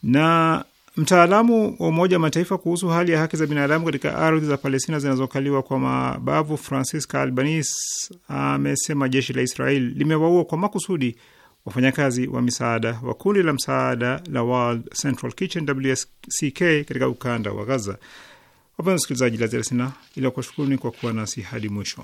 na Mtaalamu wa Umoja wa Mataifa kuhusu hali ya haki za binadamu katika ardhi za Palestina zinazokaliwa kwa mabavu Francisca Albanese amesema jeshi la israel limewaua kwa makusudi wafanyakazi wa misaada wa kundi la msaada la World Central Kitchen WCK katika ukanda wa Gaza. Wapenzi wasikilizaji, la ziada sina ila kuwashukuruni kwa kuwa nasi hadi mwisho.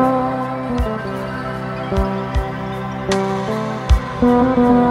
Thank you.